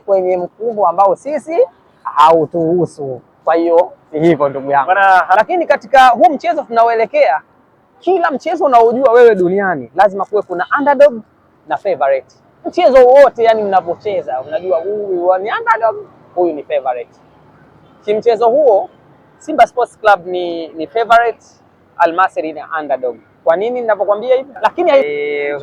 kwenye mkumbo ambao sisi hautuhusu. Kwa hiyo ni hivyo ndugu yangu, lakini katika huu mchezo tunaoelekea, kila mchezo unaojua wewe duniani lazima kuwe kuna underdog na favorite. Mchezo wote yani mnapocheza unajua huyu ni underdog, huyu ni favorite. Kimchezo huo Simba Sports Club ni, ni favorite, Almasri ni underdog. Kwa nini ninapokuambia hivi? Lakini eh,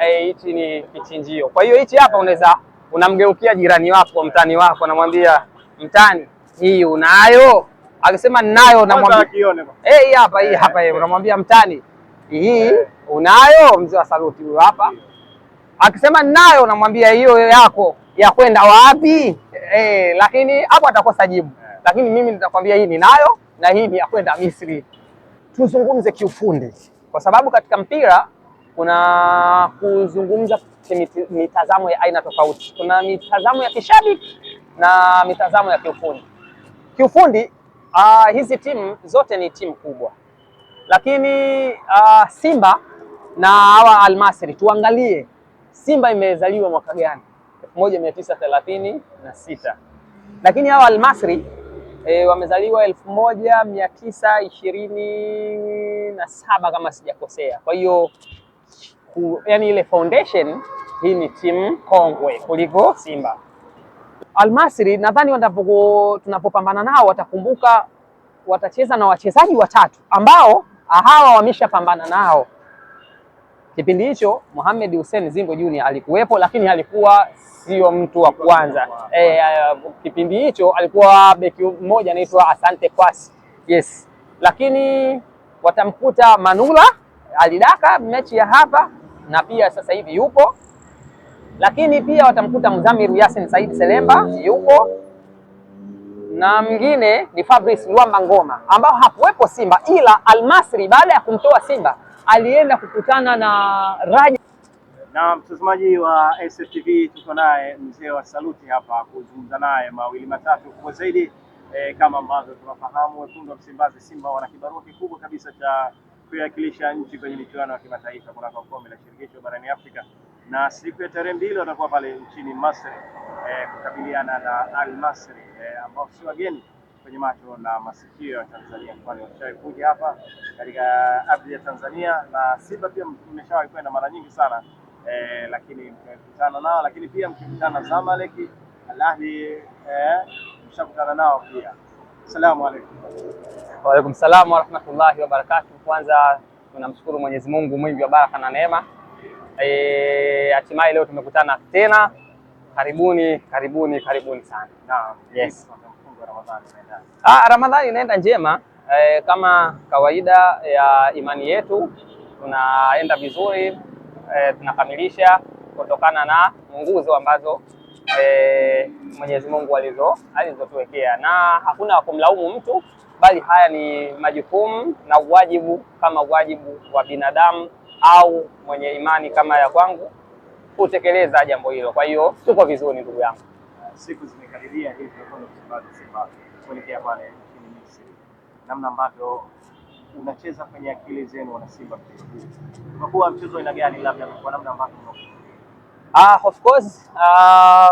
eh, hichi ni kichinjio. Kwa hiyo hichi hapa unaweza unamgeukia jirani wako, mtani wako, anamwambia mtani, hii unayo? Akisema ninayo, namwambia hey, hapa hii hapa hii. Eh, eh. Unamwambia mtani, hii eh. unayo? Mzee wa saluti huyo hapa. Akisema ninayo, unamwambia hiyo yako ya kwenda wapi? Eh, lakini hapo atakosa jibu, lakini mimi nitakwambia hii ninayo na hii ni ya kwenda Misri. Tuzungumze kiufundi, kwa sababu katika mpira kuna kuzungumza mitazamo ya aina tofauti. Kuna mitazamo ya kishabiki na mitazamo ya kiufundi. Kiufundi uh, hizi timu zote ni timu kubwa, lakini uh, Simba na hawa Almasri, tuangalie Simba imezaliwa mwaka gani? 1936 lakini hawa Almasri e, eh, wamezaliwa 1927 kama sijakosea, kwa hiyo ku, yani ile foundation hii ni timu kongwe kuliko Simba. Almasri nadhani wanapoku tunapopambana nao watakumbuka, watacheza na wachezaji watatu ambao hawa wameshapambana nao kipindi hicho. Mohamed Hussein Zimbo Junior alikuwepo, lakini alikuwa sio mtu wa kwanza e, kipindi hicho alikuwa beki mmoja anaitwa Asante Kwasi, yes, lakini watamkuta Manula alidaka mechi ya hapa na pia sasa hivi yupo, lakini pia watamkuta Mzamiru Yasin Said Selemba yupo, na mwingine ni Fabrice Luamba Ngoma ambao hakuwepo Simba, ila Almasri baada ya kumtoa Simba alienda kukutana na Raja. Na mtazamaji wa SFTV, tuko naye mzee wa saluti hapa kuzungumza naye mawili matatu kwa zaidi. E, kama ambavyo tunafahamu wekundu wa Msimbazi Simba wana kibarua kikubwa kabisa cha kuiwakilisha nchi kwenye michuano ya kimataifa kunako kombe la shirikisho barani Afrika, na siku ya tarehe mbili watakuwa pale nchini Masri eh, kukabiliana na Al Masri eh, ambao si wageni kwenye macho na masikio ya Tanzania, kwani wameshawahi kuja hapa katika ardhi ya Tanzania na Simba pia mmeshawahi kwenda mara nyingi sana eh, lakini mkikutana nao, lakini pia mkikutana Zamalek, Al Ahly eh, mshakutana nao pia. Salamu alaykum. Wa alaykum salamu wa rahmatullahi wa barakatuh. Kwanza tunamshukuru Mwenyezi Mungu mwingi wa baraka na neema. E, hatimaye leo tumekutana tena. Karibuni, karibuni, karibuni sana. Naam. Yes. Ah, Ramadhani inaenda njema e, kama kawaida ya imani yetu tunaenda vizuri e, tunakamilisha kutokana na nguzo ambazo e, Mwenyezi Mungu alizo alizotuwekea, na hakuna kumlaumu mtu, bali haya ni majukumu na uwajibu kama wajibu wa binadamu au mwenye imani kama ya kwangu kutekeleza jambo hilo. Kwa hiyo tuko vizuri, ndugu yangu. Siku zimekaribia hivi kuelekea pale Misri, namna ambavyo unacheza kwenye akili zenu wana Simba, utakuwa mchezo ina gani? Labda kwa namna ambavyo Uh, of course uh,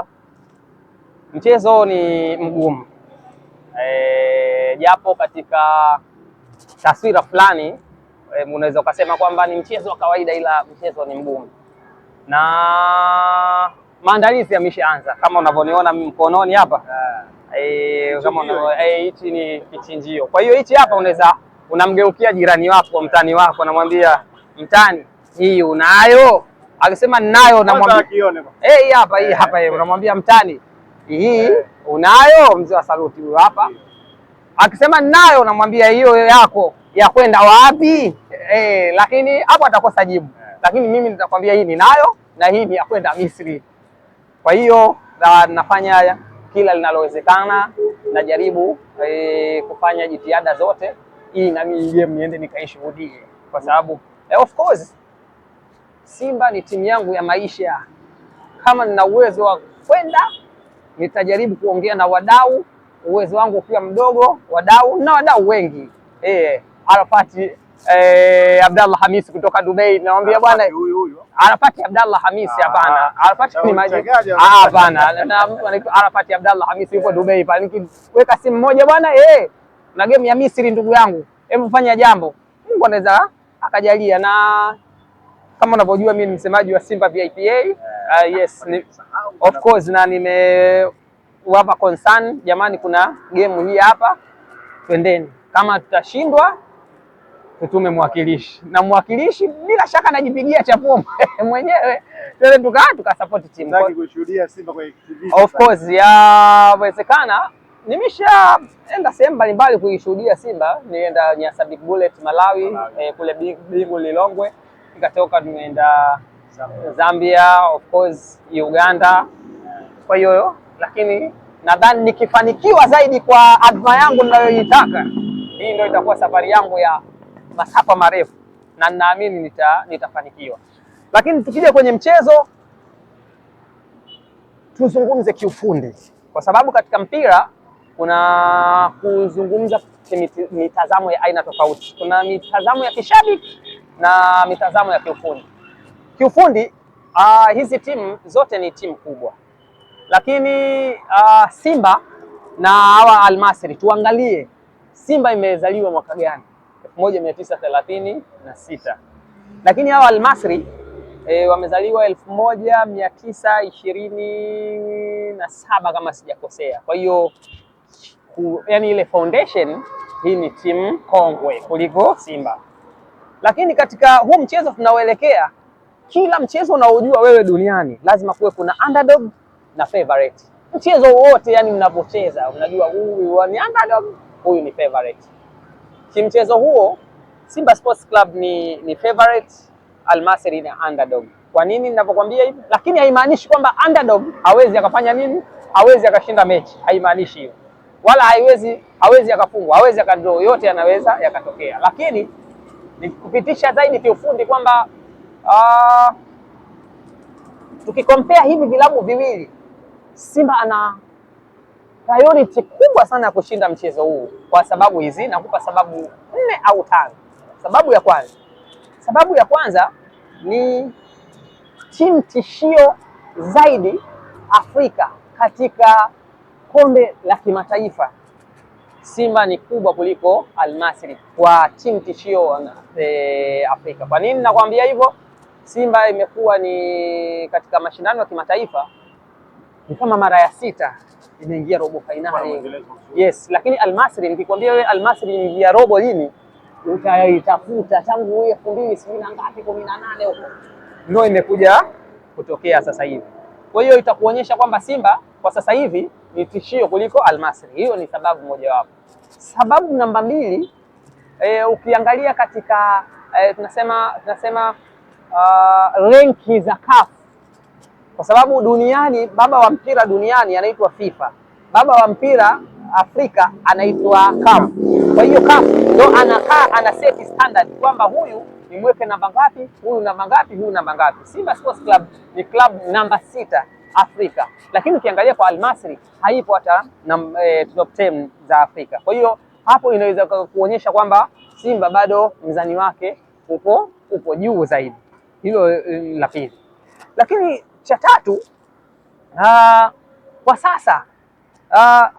mchezo ni mgumu eh, japo e, katika taswira fulani e, unaweza ukasema kwamba ni mchezo wa kawaida, ila mchezo ni mgumu na maandalizi yameshaanza kama unavyoniona mkononi hapa e, hichi e, ni kichinjio. Kwa hiyo hichi hapa unaweza unamgeukia jirani wako, mtani wako, namwambia mtani, hii unayo akisema ninayo, namwambia hey, eh, hapa hii eh, hapa eh, unamwambia mtani hii unayo, mzee wa saluti huyo hapa. Akisema ninayo, unamwambia hiyo yako ya kwenda wapi? Eh, lakini hapo atakosa jibu, lakini mimi nitakwambia hii ninayo na hii ni ya kwenda Misri. Kwa hiyo na, nafanya kila linalowezekana, najaribu e, kufanya jitihada zote hii nami niende nikaishuhudie kwa sababu eh, of course Simba ni timu yangu ya maisha. Kama nina uwezo wa kwenda, nitajaribu kuongea na wadau, uwezo wangu ukiwa mdogo, wadau na wadau wengi e, Arafati e, Abdallah Hamisi kutoka Dubai, namwambia bwana Arafati Abdallah Hamisi. Ah, hapana, ah, Arafati ni maji. Ah, hapana, na mtu anaitwa Arafati Abdallah Hamisi yuko Dubai pale. Nikiweka simu moja bwana, eh, na game ya Misri ndugu yangu, hebu fanya jambo, Mungu anaweza akajalia na kama unavyojua mimi ni msemaji wa Simba VIPA. Uh, eh, ah, yes, ni, of course na nimewapa concern jamani, kuna game hii hapa, twendeni. Kama tutashindwa tutume mwakilishi, na mwakilishi bila shaka anajipigia chapuo mwenyewe, tuende tuka tukasupport timu. Nataka kushuhudia Simba kwa TV. Of course yawezekana nimeshaenda sehemu mbalimbali kuishuhudia Simba, nilienda Big Bullet Malawi, Malawi. Eh, kule Bingu Lilongwe nikatoka tumeenda Zambia, of course Uganda. Kwa hiyo lakini nadhani nikifanikiwa zaidi kwa adhma yangu ninayoitaka, hii ndio itakuwa safari yangu ya masafa marefu, na ninaamini nita, nitafanikiwa. Lakini tukija kwenye mchezo, tuzungumze kiufundi, kwa sababu katika mpira kuna kuzungumza mitazamo ya aina tofauti. Kuna mitazamo ya kishabiki na mitazamo ya kiufundi. Kiufundi uh, hizi timu zote ni timu kubwa, lakini uh, Simba na hawa Almasri, tuangalie Simba imezaliwa mwaka gani? 1936 lakini hawa Almasri e, eh, wamezaliwa 1927 kama sijakosea. Kwa hiyo yani ile foundation hii ni timu kongwe kuliko Simba. Lakini katika huu mchezo tunaoelekea, kila mchezo unaojua wewe duniani lazima kuwe kuna underdog na favorite. Mchezo wote yani mnapocheza mnajua huyu ni underdog, huyu ni favorite. Kimchezo huo Simba Sports Club ni, ni favorite, Almasri ni underdog. Kwa nini ninapokuambia hivi? Lakini haimaanishi kwamba underdog hawezi akafanya nini, hawezi akashinda mechi, haimaanishi hiyo, wala haiwezi hawezi akafungwa, hawezi akadraw, yote yanaweza yakatokea, lakini ni kupitisha zaidi kiufundi kwamba uh, ah, tukikompea hivi vilabu viwili, Simba ana priority kubwa sana ya kushinda mchezo huu kwa sababu hizi, nakupa sababu nne au tano. Sababu ya kwanza, sababu ya kwanza ni timu tishio zaidi Afrika katika kombe la kimataifa Simba ni kubwa kuliko almasri kwa timu tishio e, Afrika. Kwa nini nakwambia hivyo? Simba imekuwa ni katika mashindano ya kimataifa ni kama mara ya sita imeingia robo fainali. Yes, lakini almasri nikikwambia wewe Almasri Masry robo lini utaitafuta tangu elfu mbili sijui na ngapi kumi na nane huko ndio imekuja kutokea sasa hivi. Kwa hiyo itakuonyesha kwamba Simba kwa sasa hivi ni tishio kuliko Almasri. Hiyo ni sababu mojawapo. Sababu namba mbili, e, ukiangalia katika e, tunasema tunasema uh, ah, renki za CAF kwa sababu duniani baba wa mpira duniani anaitwa FIFA, baba wa mpira Afrika anaitwa CAF. Kwa hiyo CAF ndo anakaa ana set standard kwamba huyu nimweke namba ngapi, huyu namba ngapi, huyu namba ngapi. Simba Sports Club ni club namba sita. Afrika, lakini ukiangalia kwa Almasri haipo hata na e, top 10 za Afrika. Kwa hiyo hapo inaweza kuonyesha kwamba Simba bado mzani wake upo upo juu zaidi. Hilo e, la pili, lakini cha tatu kwa sasa aa,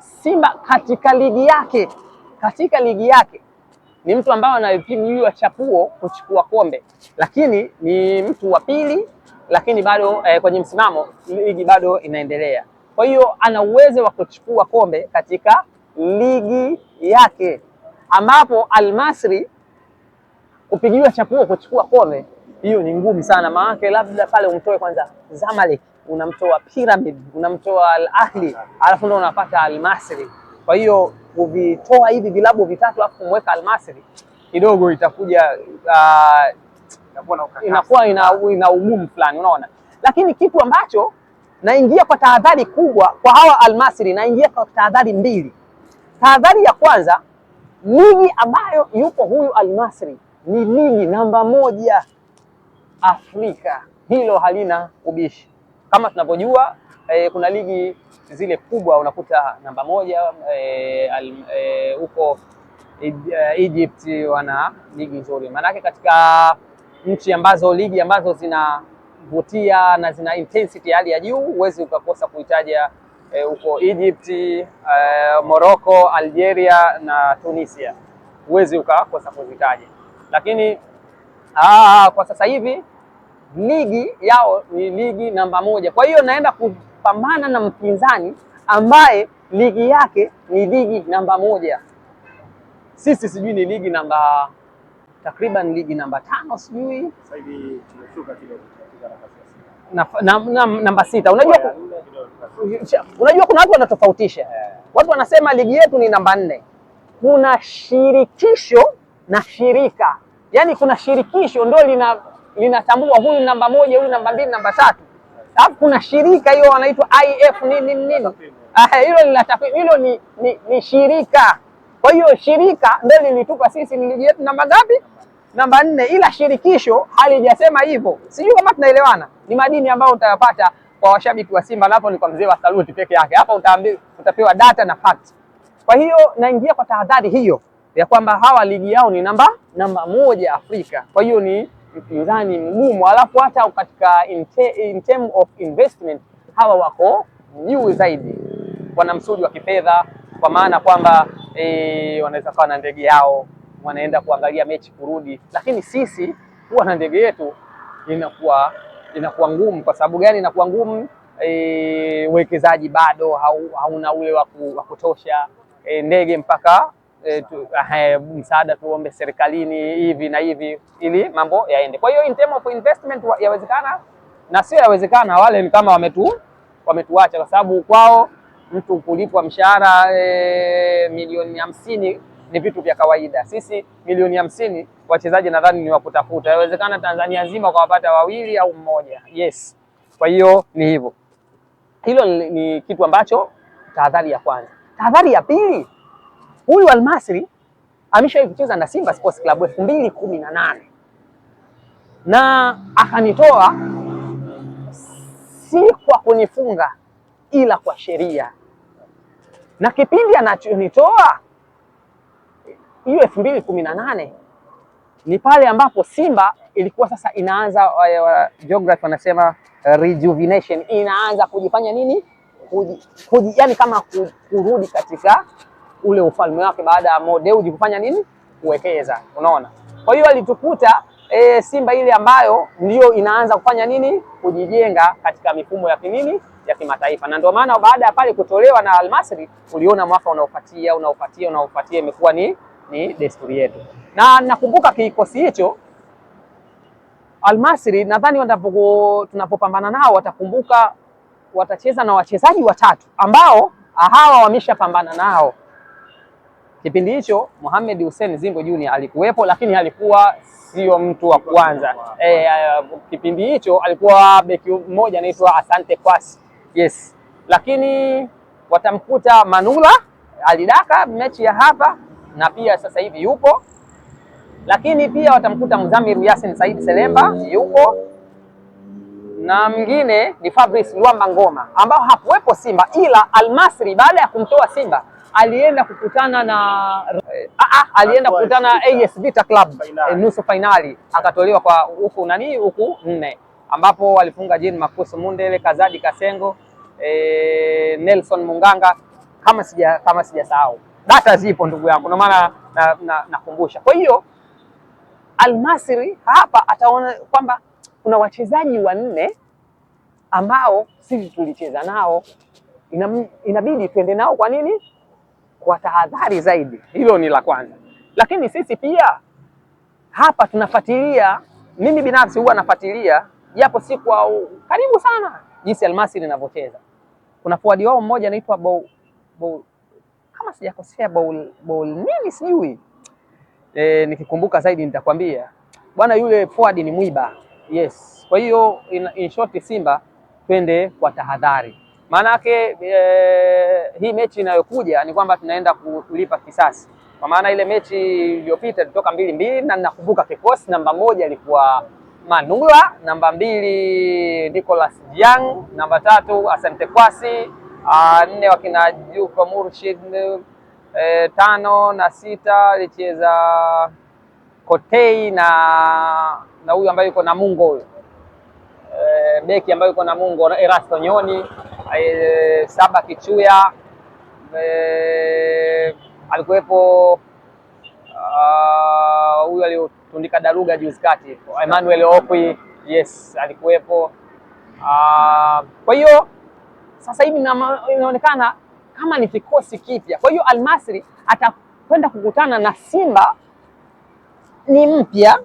Simba katika ligi yake katika ligi yake ni mtu ambaye anapigwa chapuo kuchukua kombe, lakini ni mtu wa pili lakini bado eh, kwenye msimamo ligi bado inaendelea. Kwa hiyo ana uwezo wa kuchukua kombe katika ligi yake, ambapo Almasri kupigiwa chapuo kuchukua kombe hiyo ni ngumu sana, maanake labda pale umtoe kwanza Zamalek, unamtoa Pyramid, unamtoa Al Ahli, alafu ndio unapata Almasri. Kwa hiyo kuvitoa hivi vilabu vitatu alafu kumweka Almasri kidogo itakuja uh, inakuwa ina, ina ugumu fulani, unaona. Lakini kitu ambacho naingia kwa tahadhari kubwa kwa hawa Almasri, naingia kwa tahadhari mbili. Tahadhari ya kwanza, ligi ambayo yupo huyu Almasri ni ligi namba moja Afrika, hilo halina ubishi. Kama tunavyojua eh, kuna ligi zile kubwa unakuta namba moja eh, eh, huko eh, e, Egypt wana ligi nzuri, maanake katika nchi ambazo ligi ambazo zinavutia na zina intensity hali ya juu, huwezi ukakosa kuitaja eh, huko e, Egypt e, Morocco, Algeria na Tunisia, huwezi ukakosa kuzitaja. Lakini aa, ah, kwa sasa hivi ligi yao ni ligi namba moja, kwa hiyo naenda kupambana na mpinzani ambaye ligi yake ni ligi namba moja. Sisi sijui ni ligi namba takriban ligi namba tano sijui namba sita. Unajua, unajua kuna watu wanatofautisha eh. Watu wanasema ligi yetu ni namba nne. Kuna shirikisho na shirika, yaani kuna shirikisho ndio lina linatambua huyu namba moja, huyu namba mbili, namba tatu, alafu kuna shirika hiyo wanaitwa IF nini nini, ah, hilo hilo ni, ni, ni shirika. Kwa hiyo shirika ndio lilitupa sisi ni ligi yetu namba ngapi? namba nne, ila shirikisho halijasema hivyo. Sijui kama tunaelewana. Ni madini ambayo utayapata kwa washabiki wa Simba, napo ni kwa mzee wa saluti peke yake. Hapa utaambi, utapewa data na fact. Kwa hiyo naingia kwa tahadhari hiyo ya kwamba hawa ligi yao ni namba namba moja Afrika, kwa hiyo ni mpinzani mgumu, alafu hata katika in, in term of investment hawa wako juu zaidi, wana msuji wa kifedha, kwa maana kwamba e, wanaweza kawa na ndege yao wanaenda kuangalia mechi kurudi, lakini sisi kuwa na ndege yetu inakuwa inakuwa ngumu. Kwa sababu gani inakuwa ngumu? E, uwekezaji e, bado hauna ule wa kutosha e, ndege mpaka e, tu, ahe, eh, msaada tuombe serikalini hivi na hivi ili mambo yaende. Kwa hiyo in term of investment yawezekana na sio yawezekana, wale ni kama wametu wametuacha, kwa sababu kwao mtu kulipwa mshahara e, milioni hamsini ni vitu vya kawaida. Sisi milioni hamsini wachezaji nadhani ni wakutafuta, inawezekana Tanzania nzima ukawapata wawili au mmoja. Yes, kwa hiyo ni hivyo, hilo ni, ni kitu ambacho tahadhari ya kwanza. Tahadhari ya pili, huyu Almasri ameshawahi kucheza na Simba Sports Club elfu mbili kumi na nane na akanitoa si kwa kunifunga ila kwa sheria, na kipindi anachonitoa hiyo elfu mbili kumi na nane ni pale ambapo Simba ilikuwa sasa inaanza geography wanasema uh, rejuvenation inaanza kujifanya nini kuji, kuji, yani kama kurudi katika ule ufalme wake baada ya Mo Dewji kufanya nini kuwekeza, unaona. Kwa hiyo alitukuta e, Simba ile ambayo ndiyo inaanza kufanya nini kujijenga katika mifumo ya kinini ya kimataifa, na ndio maana baada ya pale kutolewa na almasri uliona mwaka unaofuatia unaofuatia unaofuatia imekuwa ni ni desturi yetu, na nakumbuka kikosi hicho Almasri, nadhani tunapopambana nao watakumbuka, watacheza na wachezaji watatu ambao ah, hawa wameshapambana nao kipindi hicho. Mohamed Hussein Zimbo Junior alikuwepo, lakini alikuwa sio mtu wa kwanza e, kipindi hicho alikuwa beki mmoja anaitwa Asante Kwasi, yes, lakini watamkuta Manula alidaka mechi ya hapa na pia sasa hivi yupo, lakini pia watamkuta Mzamiru Yasin Said Selemba yupo na mwingine ni Fabrice Luamba Ngoma ambao hakuwepo Simba, ila Almasri baada ya kumtoa Simba alienda kukutana na a eh, -a, ah, ah, alienda kukutana AS Vita Club eh, nusu fainali, akatolewa kwa huku nani huku nne, ambapo walifunga Jean Makusu Mundele, Kazadi Kasengo, e, Nelson Munganga kama sija kama sijasahau data zipo ndugu yangu, ndio maana nakumbusha na, na kwa hiyo almasri hapa ataona kwamba kuna wachezaji wanne ambao sisi tulicheza nao, inabidi tuende nao. Kwa nini? Kwa tahadhari zaidi. Hilo ni la kwanza, lakini sisi pia hapa tunafuatilia, mimi binafsi huwa nafuatilia japo si kwa karibu sana, jinsi almasri inavyocheza. Kuna forward wao mmoja anaitwa Bo, Bo, kama sijakosea bowl bowl nini sijui e, nikikumbuka zaidi nitakwambia bwana. Yule forward ni mwiba yes. Kwa hiyo in, in short Simba twende kwa tahadhari, maana yake e, hii mechi inayokuja ni kwamba tunaenda kulipa kisasi, kwa maana ile mechi iliyopita tulitoka mbili mbili, na ninakumbuka kikosi namba moja ilikuwa Manula, namba mbili Nicolas Young, namba tatu Asante Kwasi Ah, nne wakina Juko Murshid, e, tano na sita alicheza Kotei na na huyu ambaye yuko na Mungo huyu eh, beki ambayo yuko na Mungo Erasto Nyoni e, saba Kichuya e, alikuwepo ah, huyu uh, aliyotundika daruga juzi kati Emmanuel Opi, yes alikuwepo uh, kwa hiyo sasa hivi inaonekana kama ni kikosi kipya. Kwa hiyo Almasri atakwenda kukutana na Simba ni mpya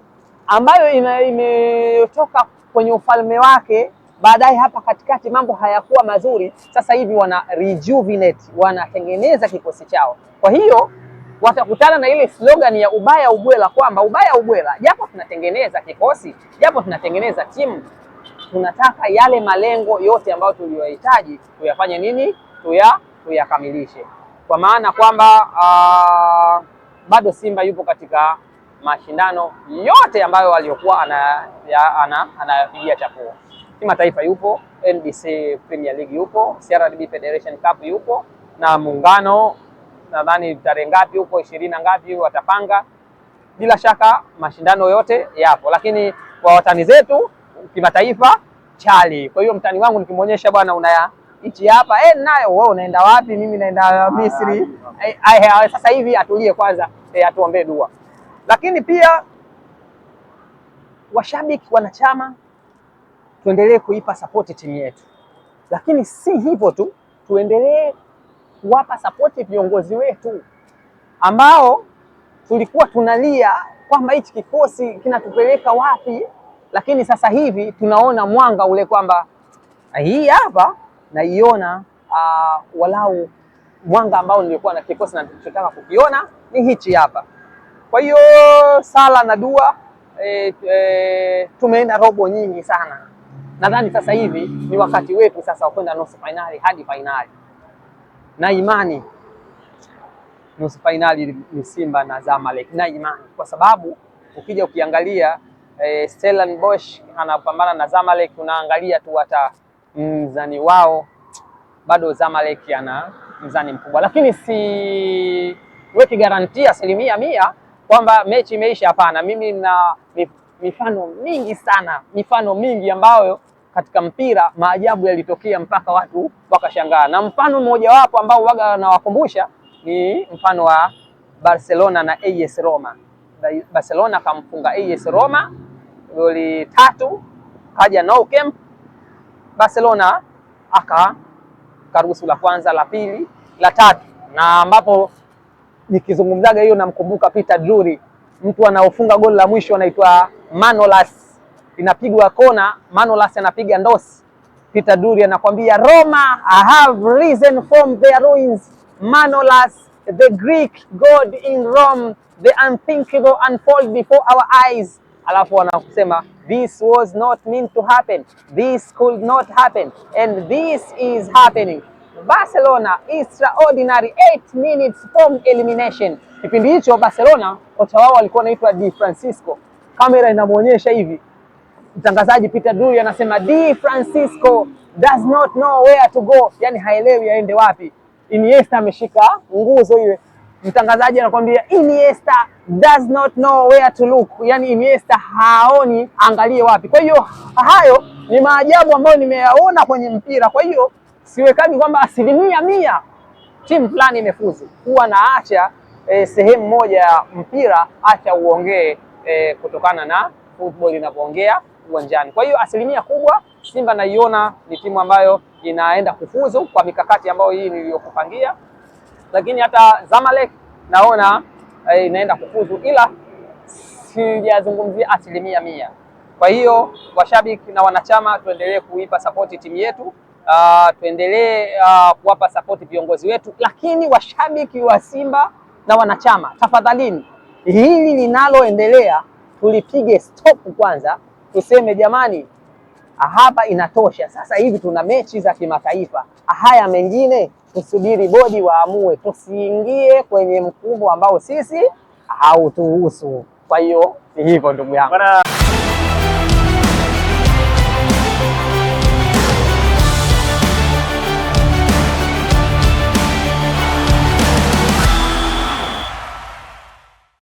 ambayo imetoka kwenye ufalme wake. Baadaye hapa katikati mambo hayakuwa mazuri, sasa hivi wana rejuvenate, wanatengeneza kikosi chao. Kwa hiyo watakutana na ile slogan ya ubaya ubwela, kwamba ubaya ubwela, japo tunatengeneza kikosi, japo tunatengeneza timu tunataka yale malengo yote ambayo tuliyohitaji tuyafanye nini, tuya tuyakamilishe, kwa maana kwamba uh, bado Simba yupo katika mashindano yote ambayo aliyokuwa anayapigia ana, chapuo kimataifa, yupo NBC Premier League, yupo CRDB Federation Cup yupo, na muungano nadhani tarehe ngapi huko ishirini na ngapi watapanga. Bila shaka mashindano yote yapo, lakini kwa watani zetu kimataifa chali. Kwa hiyo mtani wangu nikimwonyesha bwana, una nchi hapa eh, nayo wewe unaenda wapi? Mimi naenda Misri. Ah, eh, eh, eh, sasa hivi atulie kwanza, eh, atuombee dua. Lakini pia washabiki, wanachama, tuendelee kuipa sapoti timu yetu, lakini si hivyo tu, tuendelee kuwapa sapoti viongozi wetu ambao tulikuwa tunalia kwamba hichi kikosi kinatupeleka wapi lakini sasa hivi tunaona mwanga ule kwamba ah, hii hapa naiona uh, walau mwanga ambao nilikuwa na kikosi nachotaka kukiona ni hichi hapa. Kwa hiyo sala na dua e, e, tumeenda robo nyingi sana. Nadhani sasa hivi ni wakati wetu sasa wa kwenda nusu fainali hadi fainali, na imani nusu fainali ni Simba na Zamalek, na imani kwa sababu ukija ukiangalia e, eh, Stellenbosch anapambana na Zamalek, unaangalia tu hata mzani wao bado Zamalek ana mzani mkubwa, lakini siweki garantia asilimia mia kwamba mechi imeisha. Hapana, mimi na mifano mingi sana, mifano mingi ambayo katika mpira maajabu yalitokea mpaka watu wakashangaa, na mfano mmojawapo ambao waga nawakumbusha ni mfano wa Barcelona na AS Roma. Barcelona akamfunga AS Roma goli tatu, kaja Nou Camp Barcelona aka karuhusu la kwanza, la pili, la tatu, na ambapo nikizungumzaga hiyo namkumbuka Peter Drury, mtu anaofunga goli la mwisho anaitwa Manolas, inapigwa kona, Manolas anapiga ndosi, Peter Drury anakwambia Roma, I have risen from their ruins, Manolas the Greek God in Rome, the unthinkable unfold before our eyes. Alafu wanakusema this was not meant to happen, this could not happen and this is happening. Barcelona extraordinary 8 minutes from elimination. Kipindi hicho Barcelona kocha wao alikuwa anaitwa Di Francisco, kamera inamwonyesha hivi, mtangazaji Peter Duri anasema Di Francisco does not know where to go, yani haelewi aende wapi. Iniesta ameshika nguzo ile, mtangazaji anakuambia Iniesta does not know where to look, yani Iniesta haoni angalie wapi. Kwa hiyo hayo ni maajabu ambayo nimeyaona kwenye mpira. Kwa hiyo siwekani kwamba asilimia mia timu fulani imefuzu, huwa naacha e, sehemu moja ya mpira, acha uongee eh, kutokana na football inapoongea uwanjani. Kwa hiyo asilimia kubwa Simba naiona ni timu ambayo inaenda kufuzu kwa mikakati ambayo hii niliyokupangia, lakini hata Zamalek naona eh, inaenda kufuzu, ila sijazungumzia asilimia mia. Kwa hiyo washabiki na wanachama, tuendelee kuipa sapoti timu yetu. Uh, tuendelee uh, kuwapa sapoti viongozi wetu, lakini washabiki wa Simba na wanachama, tafadhalini, hili linaloendelea tulipige stop kwanza, tuseme jamani hapa inatosha. Sasa hivi tuna mechi za kimataifa, haya mengine tusubiri bodi waamue, tusiingie kwenye mkumbo ambao sisi hautuhusu. Kwa hiyo ni hivyo ndugu yangu.